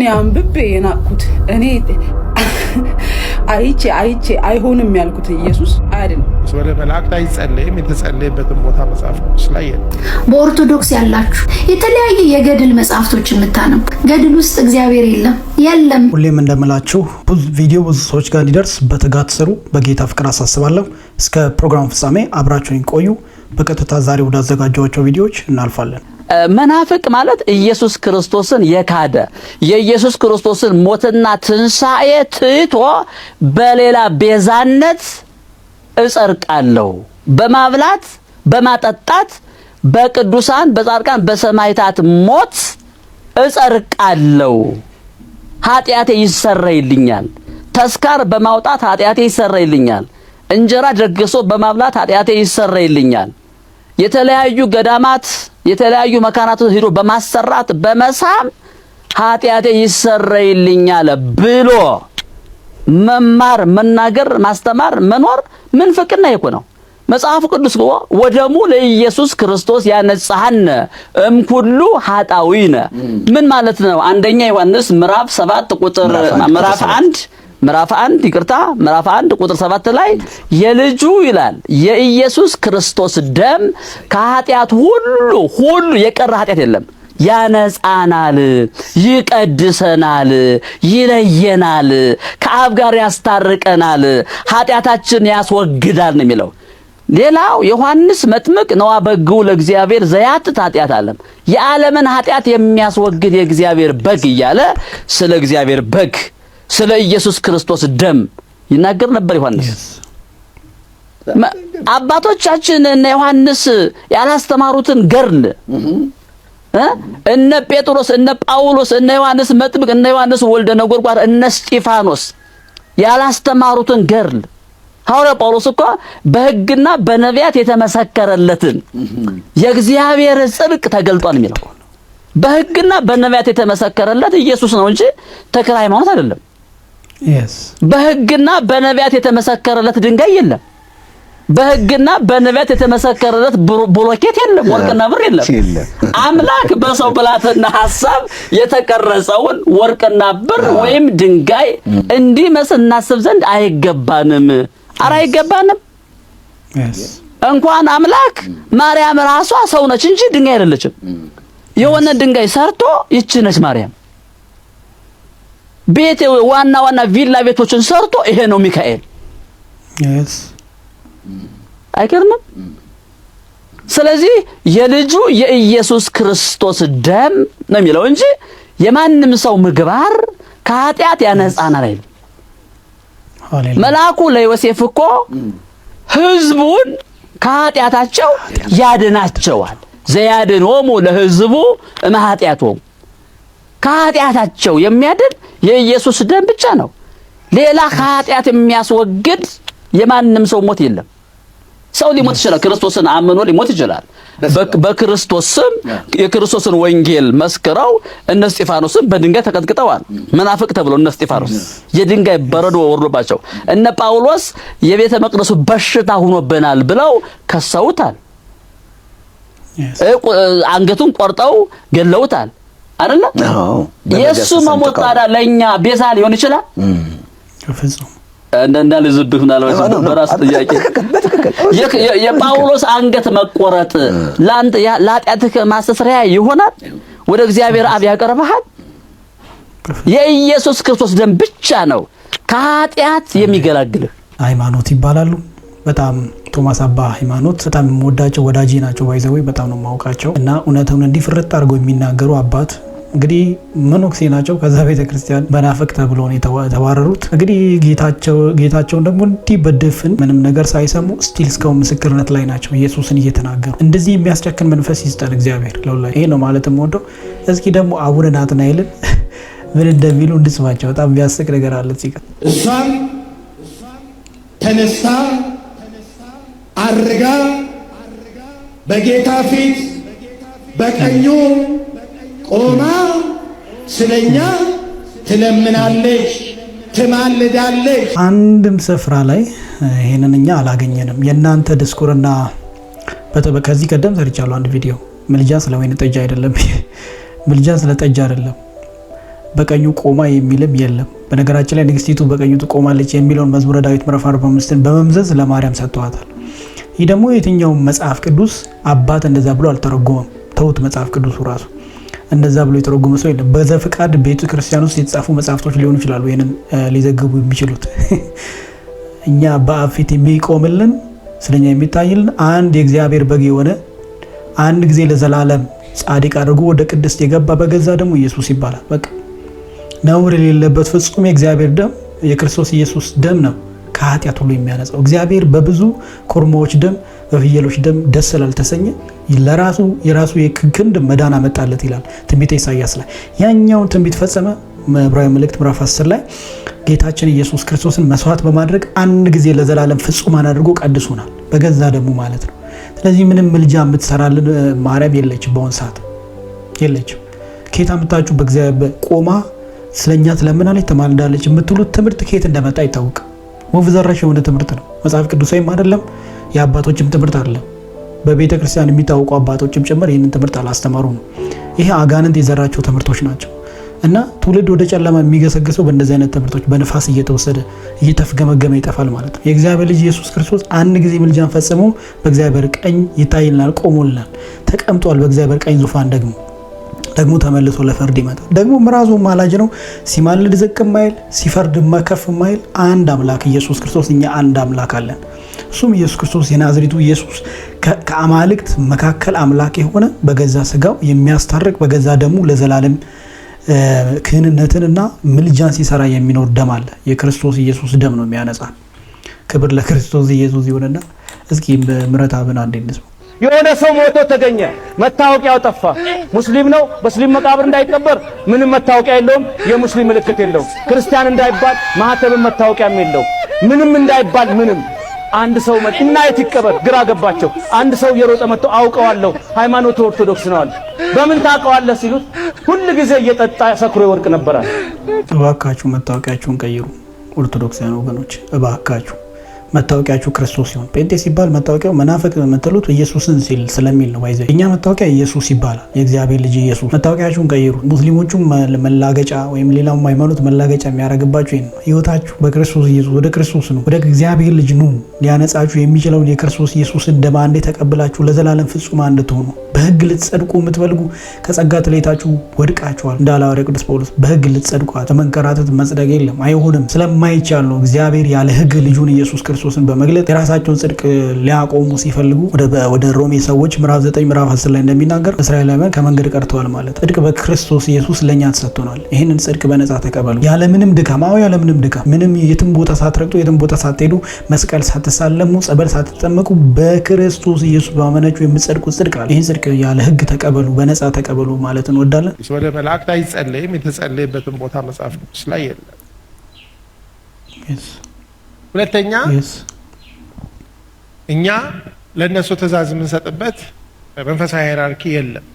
እኔ አንብቤ የናቅኩት እኔ አይቼ አይቼ አይሆንም ያልኩት ኢየሱስ አይደለም። ወደ መላእክት አይጸለይም። የተጸለይበትን ቦታ መጽሐፍ ቅዱስ ላይ የለም። በኦርቶዶክስ ያላችሁ የተለያየ የገድል መጽሐፍቶች የምታነቡ ገድል ውስጥ እግዚአብሔር የለም የለም። ሁሌም እንደምላችሁ ቪዲዮ ብዙ ሰዎች ጋር እንዲደርስ በትጋት ስሩ። በጌታ ፍቅር አሳስባለሁ። እስከ ፕሮግራም ፍጻሜ አብራችሁን ቆዩ። በቀጥታ ዛሬ ወዳዘጋጀኋቸው ቪዲዮዎች እናልፋለን። መናፍቅ ማለት ኢየሱስ ክርስቶስን የካደ የኢየሱስ ክርስቶስን ሞትና ትንሣኤ ትቶ በሌላ ቤዛነት እጸድቃለሁ በማብላት በማጠጣት በቅዱሳን በጻድቃን በሰማዕታት ሞት እጸድቃለሁ፣ ኃጢአቴ ይሰረይልኛል። ተስካር በማውጣት ኃጢአቴ ይሰረይልኛል። እንጀራ ደግሶ በማብላት ኃጢአቴ ይሰረይልኛል። የተለያዩ ገዳማት የተለያዩ መካናቶች ሂዶ በማሰራት በመሳም ኃጢአቴ ይሰረይልኛል ብሎ መማር፣ መናገር፣ ማስተማር፣ መኖር ምን ፍቅና ይኮ ነው። መጽሐፍ ቅዱስ ወ ወደሙ ለኢየሱስ ክርስቶስ ያነጻሃነ እምኩሉ ኃጣዊነ ምን ማለት ነው? አንደኛ ዮሐንስ ምዕራፍ 7 ቁጥር ምዕራፍ 1 ምዕራፍ አንድ ይቅርታ ምዕራፍ አንድ ቁጥር ሰባት ላይ የልጁ ይላል የኢየሱስ ክርስቶስ ደም ከኃጢአት ሁሉ ሁሉ የቀረ ኃጢአት የለም ያነጻናል፣ ይቀድሰናል፣ ይለየናል፣ ከአብ ጋር ያስታርቀናል፣ ኃጢአታችን ያስወግዳል ነው የሚለው። ሌላው ዮሐንስ መጥምቅ ነዋ በግው ለእግዚአብሔር ዘያትት ኃጢአት ዓለም የዓለምን ኃጢአት የሚያስወግድ የእግዚአብሔር በግ እያለ ስለ እግዚአብሔር በግ ስለ ኢየሱስ ክርስቶስ ደም ይናገር ነበር ዮሐንስ። አባቶቻችን እነ ዮሐንስ ያላስተማሩትን ገርል mm-hmm. እነ ጴጥሮስ፣ እነ ጳውሎስ፣ እነ ዮሐንስ መጥምቅ፣ እነ ዮሐንስ ወልደ ነጎድጓድ፣ እነ እስጢፋኖስ ያላስተማሩትን ገርል ሐዋርያው ጳውሎስ እኮ በሕግና በነቢያት የተመሰከረለትን mm-hmm. የእግዚአብሔር ጽድቅ ተገልጧል የሚለው በሕግና በነቢያት የተመሰከረለት ኢየሱስ ነው እንጂ ተክለ ሃይማኖት አይደለም። በህግና በነቢያት የተመሰከረለት ድንጋይ የለም። በህግና በነቢያት የተመሰከረለት ብሎኬት የለም። ወርቅና ብር የለም። አምላክ በሰው ብላትና ሀሳብ የተቀረጸውን ወርቅና ብር ወይም ድንጋይ እንዲመስል እናስብ ዘንድ አይገባንም። ኧረ አይገባንም። እንኳን አምላክ ማርያም ራሷ ሰው ነች እንጂ ድንጋይ አይደለችም። mm. የሆነ ድንጋይ ሰርቶ ይቺ ነች ማርያም ቤት ዋና ዋና ቪላ ቤቶችን ሰርቶ ይሄ ነው ሚካኤል። አይገርምም? ስለዚህ የልጁ የኢየሱስ ክርስቶስ ደም ነው የሚለው እንጂ የማንም ሰው ምግባር ከኃጢአት ያነጻናል አይልም። መልአኩ ለዮሴፍ እኮ ህዝቡን ከኃጢአታቸው ያድናቸዋል። ዘያድን ሆሙ ለህዝቡ እመ ኃጢአቶሙ ከኃጢአታቸው የሚያድን የኢየሱስ ደም ብቻ ነው። ሌላ ከኃጢአት የሚያስወግድ የማንም ሰው ሞት የለም። ሰው ሊሞት ይችላል። ክርስቶስን አምኖ ሊሞት ይችላል። በክርስቶስ ስም የክርስቶስን ወንጌል መስክረው እነ እስጢፋኖስን በድንጋይ ተቀጥቅጠዋል። መናፍቅ ተብለው እነ እስጢፋኖስ የድንጋይ በረዶ ወርዶባቸው፣ እነ ጳውሎስ የቤተ መቅደሱ በሽታ ሆኖብናል ብለው ከሰውታል። አንገቱን ቆርጠው ገለውታል። አይደለ? የእሱ መሞት ታዲያ ለእኛ ቤዛ ሊሆን ይችላል? እንደ እንዳለ ዝብህ ምናልባት በራስ ጥያቄ የጳውሎስ አንገት መቆረጥ ለአንተ ለኃጢአትህ ማስተስሪያ ይሆናል፣ ወደ እግዚአብሔር አብ ያቀርብሃል። የኢየሱስ ክርስቶስ ደም ብቻ ነው ከኃጢአት የሚገላግልህ። ሃይማኖት ይባላሉ። በጣም ቶማስ አባ ሃይማኖት በጣም የምወዳቸው ወዳጄ ናቸው። ባይዘዌ በጣም ነው የማውቃቸው እና እውነቱን እንዲህ አድርገው የሚናገሩ አባት እንግዲህ መኖክሴ ናቸው። ከዛ ቤተክርስቲያን መናፍቅ ተብሎ የተባረሩት። እንግዲህ ጌታቸውን ደግሞ እንዲህ በድፍን ምንም ነገር ሳይሰሙ ስቲል እስካሁን ምስክርነት ላይ ናቸው፣ ኢየሱስን እየተናገሩ። እንደዚህ የሚያስጨክን መንፈስ ይስጠን እግዚአብሔር ለሁላ። ይሄ ነው ማለትም ወደው። እስኪ ደግሞ አቡነ ናትናኤልን ምን እንደሚሉ እንድስማቸው። በጣም የሚያስቅ ነገር አለ እሷም ተነሳ አርጋ በጌታ ፊት በቀኙ ቆማ ስለኛ ትለምናለች፣ ትማልዳለች። አንድም ስፍራ ላይ ይህንን እኛ አላገኘንም። የእናንተ ድስኩርና ከዚህ ቀደም ሰርቻለሁ አንድ ቪዲዮ ምልጃ ስለ ወይን ጠጅ አይደለም፣ ምልጃ ስለ ጠጅ አይደለም። በቀኙ ቆማ የሚልም የለም። በነገራችን ላይ ንግስቲቱ በቀኙ ትቆማለች የሚለውን መዝሙረ ዳዊት ምዕራፍ 45 በመምዘዝ ለማርያም ሰጥተዋታል። ይህ ደግሞ የትኛውም መጽሐፍ ቅዱስ አባት እንደዛ ብሎ አልተረጎመም። ተውት መጽሐፍ ቅዱሱ ራሱ እንደዛ ብሎ የተረጎመ ሰው የለም። በዘፈቃድ ቤተ ክርስቲያን ውስጥ የተጻፉ መጽሐፍቶች ሊሆኑ ይችላሉ ይህንን ሊዘግቡ የሚችሉት። እኛ በአብ ፊት የሚቆምልን ስለኛ የሚታይልን አንድ የእግዚአብሔር በግ የሆነ አንድ ጊዜ ለዘላለም ጻድቅ አድርጎ ወደ ቅድስት የገባ በገዛ ደግሞ ኢየሱስ ይባላል። በቃ ነውር የሌለበት ፍጹም የእግዚአብሔር ደም የክርስቶስ ኢየሱስ ደም ነው። ከኃጢአት ሁሉ የሚያነጻው እግዚአብሔር በብዙ ኮርማዎች ደም በፍየሎች ደም ደስ ስላልተሰኘ ለራሱ የራሱ ክንድ መዳን አመጣለት ይላል ትንቢተ ኢሳያስ ላይ። ያኛውን ትንቢት ፈጸመ። ዕብራዊ መልእክት ምዕራፍ 10 ላይ ጌታችን ኢየሱስ ክርስቶስን መስዋዕት በማድረግ አንድ ጊዜ ለዘላለም ፍጹማን አድርጎ ቀድሶናል፣ በገዛ ደሙ ማለት ነው። ስለዚህ ምንም ምልጃ የምትሰራልን ማርያም የለችም፣ በአሁን ሰዓት የለችም። ኬታ የምታችሁ በእግዚአብሔር ቆማ ስለኛ ትለምናለች፣ ተማልዳለች የምትሉት ትምህርት ኬት እንደመጣ አይታወቅም። ወንፍ ዘራሽ የሆነ ትምህርት ነው። መጽሐፍ ቅዱሳዊም አይደለም፣ የአባቶችም ትምህርት አይደለም። በቤተ ክርስቲያን የሚታወቁ አባቶችም ጭምር ይህንን ትምህርት አላስተማሩ ነው። ይሄ አጋንንት የዘራቸው ትምህርቶች ናቸው። እና ትውልድ ወደ ጨለማ የሚገሰግሰው በእንደዚህ አይነት ትምህርቶች በንፋስ እየተወሰደ እየተፍገመገመ ይጠፋል ማለት ነው። የእግዚአብሔር ልጅ ኢየሱስ ክርስቶስ አንድ ጊዜ ምልጃን ፈጽሞ በእግዚአብሔር ቀኝ ይታይልናል፣ ቆሞልናል፣ ተቀምጧል በእግዚአብሔር ቀኝ ዙፋን ደግሞ ደግሞ ተመልሶ ለፈርድ ይመጣል። ደግሞ ምራዙ ማላጅ ነው። ሲማልድ ዝቅ ማይል፣ ሲፈርድ መከፍ ማይል አንድ አምላክ ኢየሱስ ክርስቶስ። እኛ አንድ አምላክ አለን። እሱም ኢየሱስ ክርስቶስ የናዝሬቱ ኢየሱስ ከአማልክት መካከል አምላክ የሆነ በገዛ ስጋው የሚያስታርቅ በገዛ ደሙ ለዘላለም ክህንነትንና ምልጃን ሲሰራ የሚኖር ደም አለ። የክርስቶስ ኢየሱስ ደም ነው የሚያነጻ። ክብር ለክርስቶስ ኢየሱስ ይሆንና እስኪ ምሕረተአብን አንዴ እንስማ። የሆነ ሰው ሞቶ ተገኘ፣ መታወቂያው ጠፋ። ሙስሊም ነው፣ በሙስሊም መቃብር እንዳይቀበር ምንም መታወቂያ የለውም፣ የሙስሊም ምልክት የለውም። ክርስቲያን እንዳይባል ማህተብም መታወቂያም የለውም። ምንም እንዳይባል ምንም አንድ ሰው እና የት ይቀበር ግራ ገባቸው። አንድ ሰው እየሮጠ መጥቶ አውቀዋለሁ ሃይማኖት ኦርቶዶክስ ነው አለ። በምን ታውቀዋለህ ሲሉት ሁል ጊዜ እየጠጣ ሰክሮ ይወርቅ ነበራል። እባካችሁ መታወቂያችሁን ቀይሩ ኦርቶዶክሳውያን ወገኖች እባካችሁ መታወቂያችሁ ክርስቶስ ሲሆን ጴንጤ ሲባል መታወቂያው መናፍቅ የምትሉት ኢየሱስን ሲል ስለሚል ነው። ይዘ እኛ መታወቂያ ኢየሱስ ይባላል፣ የእግዚአብሔር ልጅ ኢየሱስ። መታወቂያችሁን ቀይሩ። ሙስሊሞቹም መላገጫ ወይም ሌላውም ሃይማኖት መላገጫ የሚያደርግባችሁ ይህ ነው። ህይወታችሁ በክርስቶስ ኢየሱስ ወደ ክርስቶስ ነው፣ ወደ እግዚአብሔር ልጅ ኑ። ሊያነጻችሁ የሚችለውን የክርስቶስ ኢየሱስን ደም አንዴ ተቀብላችሁ ለዘላለም ፍጹማን እንድትሆኑ በህግ ልትጸድቁ የምትፈልጉ ከጸጋ ተለይታችሁ ወድቃችኋል እንዳለ ሐዋርያው ቅዱስ ጳውሎስ። በህግ ልትጸድቁ በመንከራተት መጽደቅ የለም አይሆንም፣ ስለማይቻል ነው። እግዚአብሔር ያለ ህግ ልጁን ኢየሱስ ክርስቶስን በመግለጥ የራሳቸውን ጽድቅ ሊያቆሙ ሲፈልጉ ወደ ሮሜ ሰዎች ምዕራፍ 9 ምዕራፍ 10 ላይ እንደሚናገር እስራኤላውያን ከመንገድ ቀርተዋል ማለት ጽድቅ በክርስቶስ ኢየሱስ ለእኛ ተሰጥቶናል። ይህንን ጽድቅ በነጻ ተቀበሉ ያለምንም ድካም። አዎ ያለምንም ድካም ምንም የትም ቦታ ሳትረግጡ የትም ቦታ ሳትሄዱ መስቀል ሳትሳለሙ ጸበል ሳትጠመቁ በክርስቶስ ኢየሱስ ባመነጩ የምትጸድቁት ጽድቅ አለ። ይህን ጽድቅ ያለ ህግ ተቀበሉ፣ በነፃ ተቀበሉ ማለት እንወዳለን። ወደ መላእክት አይጸለይም። የተጸለይበትን ቦታ መጽሐፍ ቅዱስ ላይ የለም። ሁለተኛ እኛ ለእነሱ ትእዛዝ የምንሰጥበት መንፈሳዊ ሄራርኪ የለም።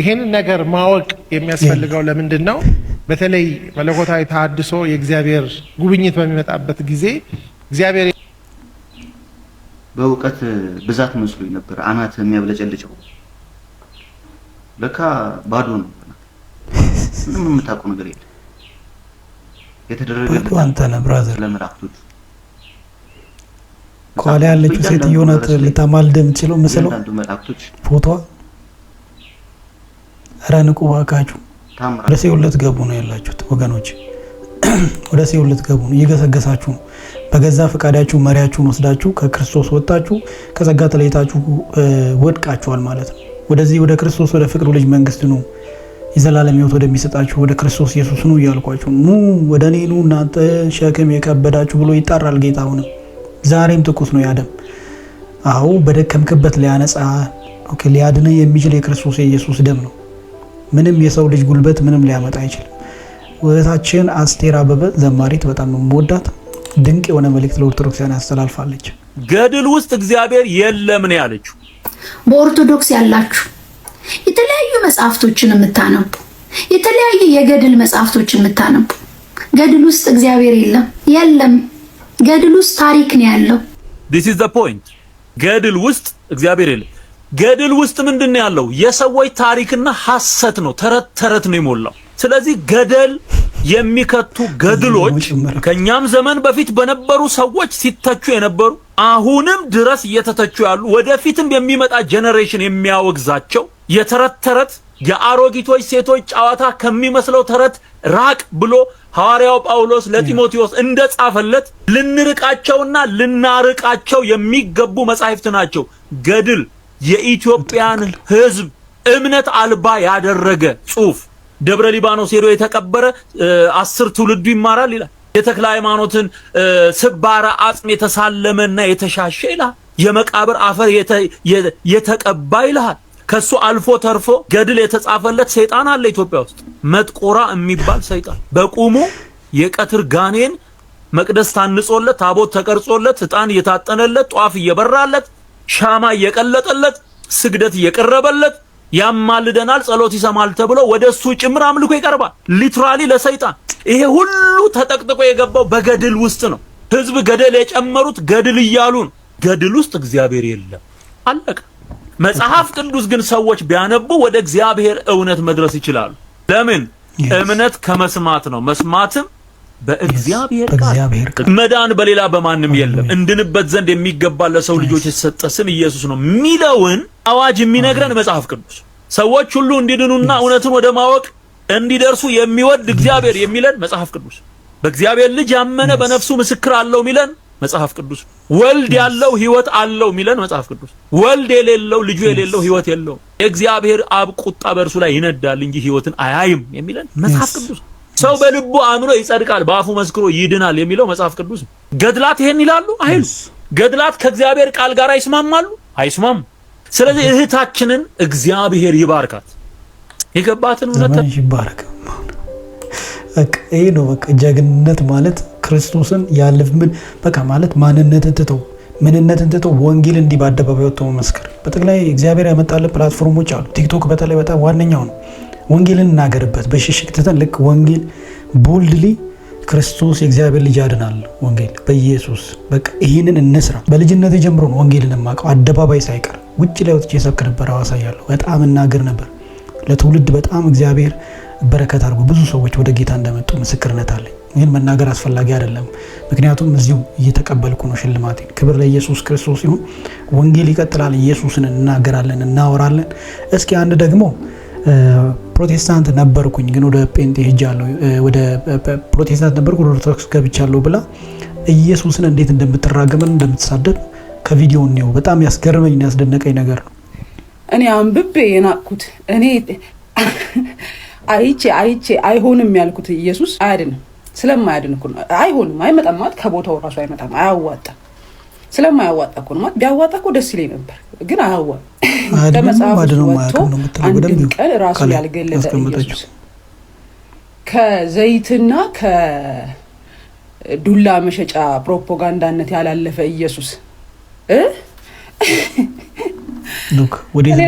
ይህንን ነገር ማወቅ የሚያስፈልገው ለምንድን ነው? በተለይ መለኮታዊ ተሐድሶ የእግዚአብሔር ጉብኝት በሚመጣበት ጊዜ እግዚአብሔር በእውቀት ብዛት መስሎኝ ነበር አናት የሚያብለጨልጨው። ለካ ባዶ ነው። ምንም የምታውቀው ነገር የለም። የተደረገለት አንተ ነህ ብራዘር። ለመላእክቶች ከኋላ ያለችው ሴትዮ ናት ልታማልድ የምትችለው ምስለው ፎቶ ረንቁ እባካችሁ። ወደ ሲኦል ልትገቡ ነው ያላችሁት ወገኖች፣ ወደ ሲኦል ልትገቡ ነው። እየገሰገሳችሁ ነው። በገዛ ፈቃዳችሁ መሪያችሁን ወስዳችሁ ከክርስቶስ ወጣችሁ ከጸጋ ተለይታችሁ ወድቃችኋል ማለት ነው። ወደዚህ ወደ ክርስቶስ ወደ ፍቅሩ ልጅ መንግስት ነው የዘላለም ሕይወት ወደሚሰጣችሁ ወደ ክርስቶስ ኢየሱስ ኑ እያልኳችሁ ኑ ወደ እኔ ኑ እናንተ ሸክም የከበዳችሁ ብሎ ይጣራል ጌታ። አሁንም ዛሬም ትኩስ ነው ያደም አዎ በደከምክበት ሊያነጻ ሊያድነ የሚችል የክርስቶስ የኢየሱስ ደም ነው። ምንም የሰው ልጅ ጉልበት ምንም ሊያመጣ አይችልም። ውበታችን አስቴር አበበ ዘማሪት በጣም የምወዳት ድንቅ የሆነ መልእክት ለኦርቶዶክሳውያን ያስተላልፋለች። ገድል ውስጥ እግዚአብሔር የለም ነው ያለችው። በኦርቶዶክስ ያላችሁ የተለያዩ መጽሐፍቶችን የምታነቡ የተለያዩ የገድል መጽሐፍቶችን የምታነቡ ገድል ውስጥ እግዚአብሔር የለም የለም። ገድል ውስጥ ታሪክ ነው ያለው። ዲስ ኢዝ ዘ ፖይንት። ገድል ውስጥ እግዚአብሔር የለም። ገድል ውስጥ ምንድን ነው ያለው? የሰዎች ታሪክና ሐሰት ነው፣ ተረት ተረት ነው የሞላው። ስለዚህ ገደል የሚከቱ ገድሎች ከእኛም ዘመን በፊት በነበሩ ሰዎች ሲተቹ የነበሩ አሁንም ድረስ እየተተቹ ያሉ ወደፊትም የሚመጣ ጄኔሬሽን የሚያወግዛቸው የተረት ተረት የአሮጊቶች ሴቶች ጨዋታ ከሚመስለው ተረት ራቅ ብሎ ሐዋርያው ጳውሎስ ለጢሞቴዎስ እንደጻፈለት ልንርቃቸውና ልናርቃቸው የሚገቡ መጻሕፍት ናቸው። ገድል የኢትዮጵያን ሕዝብ እምነት አልባ ያደረገ ጽሑፍ ደብረ ሊባኖስ ሄዶ የተቀበረ አስር ትውልዱ ይማራል ይላል። የተክለ ሃይማኖትን ስባረ አጽም የተሳለመና የተሻሸ ይልሃል። የመቃብር አፈር የተቀባ ይልሃል። ከሱ አልፎ ተርፎ ገድል የተጻፈለት ሰይጣን አለ ኢትዮጵያ ውስጥ መጥቆራ የሚባል ሰይጣን በቁሙ የቀትር ጋኔን መቅደስ ታንጾለት ታቦት ተቀርጾለት እጣን እየታጠነለት ጧፍ እየበራለት ሻማ እየቀለጠለት ስግደት እየቀረበለት ያማልደናል፣ ጸሎት ይሰማል ተብሎ ወደ እሱ ጭምር አምልኮ ይቀርባል። ሊትራሊ ለሰይጣን ይሄ ሁሉ ተጠቅጥቆ የገባው በገድል ውስጥ ነው። ህዝብ ገደል የጨመሩት ገድል እያሉ ነው። ገድል ውስጥ እግዚአብሔር የለም፣ አለቀ። መጽሐፍ ቅዱስ ግን ሰዎች ቢያነቡ ወደ እግዚአብሔር እውነት መድረስ ይችላሉ። ለምን? እምነት ከመስማት ነው፣ መስማትም በእግዚአብሔር ቃል መዳን በሌላ በማንም የለም፣ እንድንበት ዘንድ የሚገባ ለሰው ልጆች የተሰጠ ስም ኢየሱስ ነው የሚለውን አዋጅ የሚነግረን መጽሐፍ ቅዱስ ሰዎች ሁሉ እንዲድኑና እውነትን ወደ ማወቅ እንዲደርሱ የሚወድ እግዚአብሔር የሚለን መጽሐፍ ቅዱስ በእግዚአብሔር ልጅ ያመነ በነፍሱ ምስክር አለው የሚለን መጽሐፍ ቅዱስ ወልድ ያለው ሕይወት አለው የሚለን መጽሐፍ ቅዱስ ወልድ የሌለው ልጁ የሌለው ሕይወት የለውም። የእግዚአብሔር አብ ቁጣ በእርሱ ላይ ይነዳል እንጂ ሕይወትን አያይም የሚለን መጽሐፍ ቅዱስ ሰው በልቡ አምኖ ይጸድቃል፣ በአፉ መስክሮ ይድናል የሚለው መጽሐፍ ቅዱስ ነው። ገድላት ይሄን ይላሉ አይሉ። ገድላት ከእግዚአብሔር ቃል ጋር አይስማማሉ? አይስማሙ። ስለዚህ እህታችንን እግዚአብሔር ይባርካት። የገባትን እውነት ይባርክ። ይህ ነው በቃ ጀግንነት ማለት ክርስቶስን ያለፍምን በቃ ማለት ማንነት እንትተው ምንነት እንትተው ወንጌል እንዲህ በአደባባይ ወጥቶ መመስከር። በጠቅላይ እግዚአብሔር ያመጣልን ፕላትፎርሞች አሉ። ቲክቶክ በተለይ በጣም ዋነኛው ነው። ወንጌልን እናገርበት። በሽሽቅ ትተን ልክ ወንጌል ቦልድሊ ክርስቶስ የእግዚአብሔር ልጅ አድናል ወንጌል በኢየሱስ በቃ ይህንን እንስራ። በልጅነት ጀምሮ ነው ወንጌልን የማውቀው አደባባይ ሳይቀር ውጭ ላይ ወጥቼ የሰብክ ነበር። አዋሳ እያለሁ በጣም እናገር ነበር። ለትውልድ በጣም እግዚአብሔር በረከት አድርጎ ብዙ ሰዎች ወደ ጌታ እንደመጡ ምስክርነት አለኝ። ይህን መናገር አስፈላጊ አይደለም፣ ምክንያቱም እዚሁ እየተቀበልኩ ነው ሽልማቴን። ክብር ለኢየሱስ ክርስቶስ ሲሆን ወንጌል ይቀጥላል። ኢየሱስን እናገራለን፣ እናወራለን። እስኪ አንድ ደግሞ ፕሮቴስታንት ነበርኩኝ ግን ወደ ጴንጤ ሄጃለሁ፣ ወደ ፕሮቴስታንት ነበርኩ ወደ ኦርቶዶክስ ገብቻለሁ ብላ ኢየሱስን እንዴት እንደምትራገመን እንደምትሳደብ ከቪዲዮ እኔው በጣም ያስገርመኝ ያስደነቀኝ ነገር ነው። እኔ አንብቤ የናቅኩት እኔ አይቼ አይቼ አይሆንም ያልኩት ኢየሱስ አያድንም ስለማያድን እኮ ነው። አይሆንም፣ አይመጣም ማለት ከቦታው ራሱ አይመጣም፣ አያዋጣም ስለማያዋጣ እኮ ነው ቢያዋጣ እኮ ደስ ይለኝ ነበር፣ ግን አያዋ ከመጽሐፍ ወጥቶ አንድም ቀን ራሱን ያልገለጠ ኢየሱስ ከዘይትና ከዱላ መሸጫ ፕሮፓጋንዳነት ያላለፈ ኢየሱስ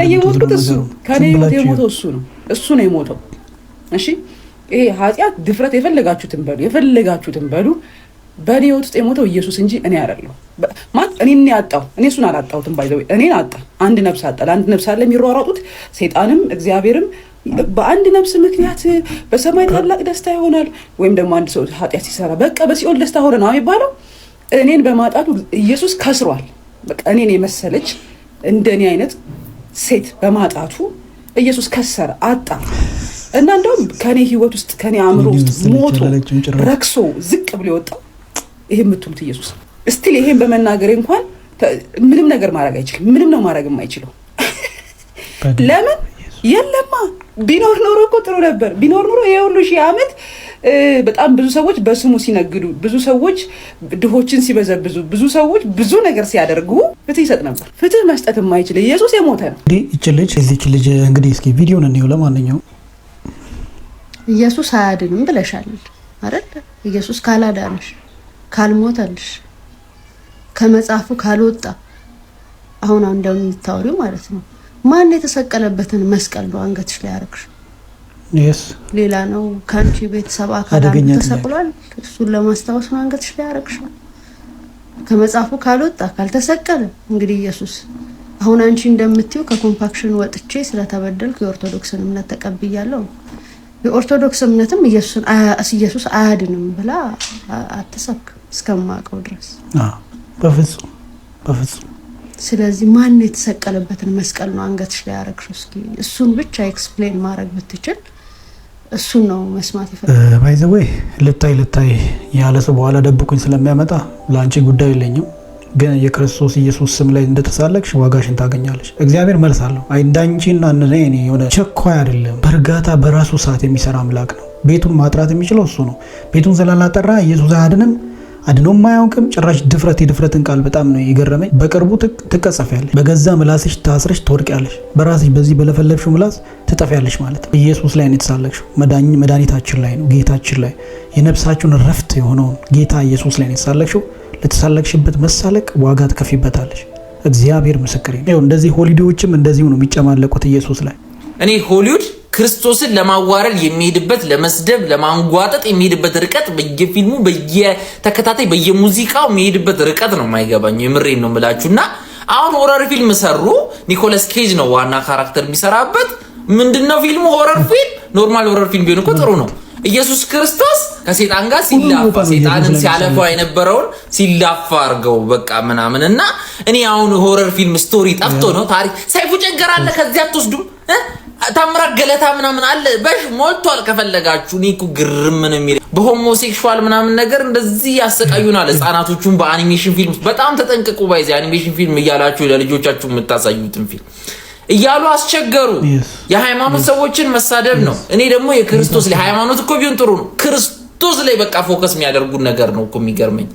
የሞትኩት ከኔ ህይወት የሞተው እሱ ነው። እሱ ነው የሞተው። እሺ ይሄ ኃጢአት፣ ድፍረት የፈለጋችሁትን በሉ፣ የፈለጋችሁትን በሉ። በእኔ ህይወት ውስጥ የሞተው ኢየሱስ እንጂ እኔ አይደለሁ። እኔን ያጣው እኔ እሱን አላጣሁትም። ባይዘው እኔን አጣ። አንድ ነብስ አጣ። አንድ ነብስ አለ የሚሯሯጡት ሰይጣንም እግዚአብሔርም በአንድ ነፍስ ምክንያት በሰማይ ታላቅ ደስታ ይሆናል። ወይም ደግሞ አንድ ሰው ኃጢአት ሲሰራ በቃ በሲኦል ደስታ ሆነ ነው የሚባለው። እኔን በማጣቱ ኢየሱስ ከስሯል። በቃ እኔን የመሰለች እንደኔ አይነት ሴት በማጣቱ ኢየሱስ ከሰረ፣ አጣ። እና እንደውም ከኔ ህይወት ውስጥ ከኔ አእምሮ ውስጥ ሞቶ ረክሶ ዝቅ ብሎ የወጣው ይህ የምትሉት ኢየሱስ ነው። ስቲል ይሄን በመናገር እንኳን ምንም ነገር ማድረግ አይችልም። ምንም ነው ማድረግ የማይችለው። ለምን የለማ ቢኖር ኖሮ እኮ ጥሩ ነበር። ቢኖር ኖሮ ይሄ ሁሉ ሺህ ዓመት በጣም ብዙ ሰዎች በስሙ ሲነግዱ፣ ብዙ ሰዎች ድሆችን ሲበዘብዙ፣ ብዙ ሰዎች ብዙ ነገር ሲያደርጉ ፍትህ ይሰጥ ነበር። ፍትህ መስጠት የማይችል ኢየሱስ የሞተ ነው። እንግዲህ ይች ልጅ እዚች ልጅ እንግዲህ እስኪ ቪዲዮን እንየው። ለማንኛውም ኢየሱስ አያድንም ብለሻል አይደል? ኢየሱስ ካላዳንሽ ካልሞተልሽ ከመጽሐፉ ካልወጣ አሁን አሁን እንደምታወሪው ማለት ነው። ማን የተሰቀለበትን መስቀል ነው አንገትሽ ላይ ያደረግሽ? ሌላ ነው ከአንቺ ቤተሰብ አካል ተሰቅሏል። እሱን ለማስታወስ ነው አንገትሽ ላይ ያደረግሽው። ከመጽሐፉ ካልወጣ ካልተሰቀለ እንግዲህ ኢየሱስ አሁን አንቺ እንደምትይው ከኮምፓክሽን ወጥቼ ስለተበደልኩ የኦርቶዶክስን እምነት ተቀብያለሁ። የኦርቶዶክስ እምነትም ኢየሱስ አያድንም ብላ አትሰብክም እስከማውቀው ድረስ በፍጹም በፍጹም። ስለዚህ ማን የተሰቀለበትን መስቀል ነው አንገትሽ ላይ ያረግሽው? እስኪ እሱን ብቻ ኤክስፕሌን ማድረግ ብትችል እሱን ነው መስማት ይፈልጋል። ባይዘወይ uh, ልታይ ልታይ ያለ ሰው በኋላ ደብቁኝ ስለሚያመጣ ለአንቺ ጉዳይ የለኝም፣ ግን የክርስቶስ ኢየሱስ ስም ላይ እንደተሳለቅሽ ዋጋሽን ታገኛለሽ። እግዚአብሔር መልስ አለው። እንዳንቺና እኔ የሆነ ቸኳይ አይደለም። በእርጋታ በራሱ ሰዓት የሚሰራ አምላክ ነው። ቤቱን ማጥራት የሚችለው እሱ ነው። ቤቱን ስላላጠራ ኢየሱስ አያድንም። አድኖም አያውቅም። ጭራሽ ድፍረት የድፍረትን ቃል በጣም ነው የገረመኝ። በቅርቡ ትቀጸፊያለሽ፣ በገዛ ምላስሽ ታስረሽ ትወድቅያለሽ፣ በራስሽ በዚህ በለፈለፍሽው ምላስ ትጠፊያለሽ ማለት ነው። ኢየሱስ ላይ ነው የተሳለቅሽው፣ መድኃኒታችን ላይ ነው፣ ጌታችን ላይ የነፍሳችሁን ረፍት የሆነውን ጌታ ኢየሱስ ላይ ነው የተሳለቅሽው። ለተሳለቅሽበት መሳለቅ ዋጋ ትከፊበታለሽ። እግዚአብሔር ምስክሬ ነው። እንደዚህ ሆሊውዶችም እንደዚሁ ነው የሚጨማለቁት ኢየሱስ ላይ እኔ ሆሊውድ ክርስቶስን ለማዋረድ የሚሄድበት ለመስደብ፣ ለማንጓጠጥ የሚሄድበት ርቀት በየፊልሙ በየተከታታይ በየሙዚቃው የሚሄድበት ርቀት ነው የማይገባኝ። የምሬን ነው የምላችሁ። እና አሁን ሆረር ፊልም ሰሩ። ኒኮለስ ኬጅ ነው ዋና ካራክተር የሚሰራበት። ምንድነው ፊልሙ? ሆረር ፊልም። ኖርማል ሆረር ፊልም ቢሆን እኮ ጥሩ ነው። ኢየሱስ ክርስቶስ ከሴጣን ጋር ሲላፋ ሴጣንን ሲያለፋው የነበረውን ሲላፋ አድርገው በቃ ምናምን እና እኔ አሁን ሆረር ፊልም ስቶሪ ጠፍቶ ነው ታሪክ። ሰይፉ ጨገራ አለ ከዚያ አትወስዱም? ታምራት ገለታ ምናምን አለ በሽ ሞልቷል። ከፈለጋችሁ እኔ እኮ ግርም ነው የሚለኝ በሆሞሴክሹዋል ምናምን ነገር እንደዚህ ያሰቃዩናል ህጻናቶቹን በአኒሜሽን ፊልም በጣም ተጠንቅቁ። ባይዚ አኒሜሽን ፊልም እያላችሁ ለልጆቻችሁ የምታሳዩትን ፊልም እያሉ አስቸገሩ። የሃይማኖት ሰዎችን መሳደብ ነው። እኔ ደግሞ የክርስቶስ ላይ ሃይማኖት እኮ ቢሆን ጥሩ ነው። ክርስቶስ ላይ በቃ ፎከስ የሚያደርጉን ነገር ነው እኮ የሚገርመኝ።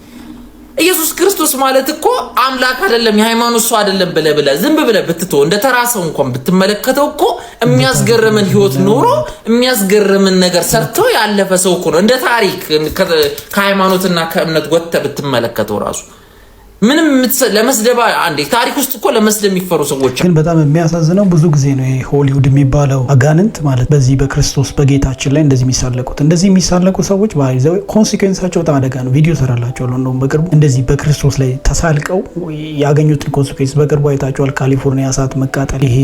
ኢየሱስ ክርስቶስ ማለት እኮ አምላክ አይደለም፣ የሃይማኖት ሰው አይደለም ብለህ ብለህ ዝም ብለህ ብትተው እንደ ተራ ሰው እንኳን ብትመለከተው እኮ የሚያስገርምን ህይወት ኖሮ የሚያስገርምን ነገር ሰርተው ያለፈ ሰው እኮ ነው። እንደ ታሪክ ከሃይማኖትና ከእምነት ወጥተህ ብትመለከተው ራሱ ምንም ለመስደባ አንዴ ታሪክ ውስጥ እኮ ለመስደብ የሚፈሩ ሰዎች ግን በጣም የሚያሳዝነው ብዙ ጊዜ ነው ይሄ ሆሊውድ የሚባለው አጋንንት ማለት በዚህ በክርስቶስ በጌታችን ላይ እንደዚህ የሚሳለቁት እንደዚህ የሚሳለቁ ሰዎች ባይዘው ኮንሲኩዌንሳቸው በጣም አደጋ ነው። ቪዲዮ ሰራላቸዋለሁ እንደውም በቅርቡ እንደዚህ በክርስቶስ ላይ ተሳልቀው ያገኙትን ኮንሲኩዌንስ በቅርቡ አይታቸዋል። ካሊፎርኒያ እሳት መቃጠል፣ ይሄ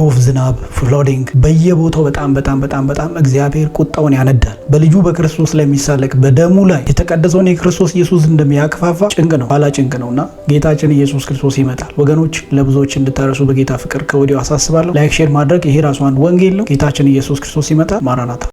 ዶፍ ዝናብ፣ ፍሎዲንግ በየቦታው በጣም በጣም በጣም በጣም እግዚአብሔር ቁጣውን ያነዳል። በልጁ በክርስቶስ ላይ የሚሳለቅ በደሙ ላይ የተቀደሰውን የክርስቶስ ኢየሱስ እንደሚያከፋፋ ጭንቅ ነው። ጭንቅ ነውና ጌታችን ኢየሱስ ክርስቶስ ይመጣል። ወገኖች ለብዙዎች እንድታረሱ በጌታ ፍቅር ከወዲሁ አሳስባለሁ። ላይክ ሼር ማድረግ ይሄ ራሱ አንድ ወንጌል ነው። ጌታችን ኢየሱስ ክርስቶስ ይመጣል። ማራናታ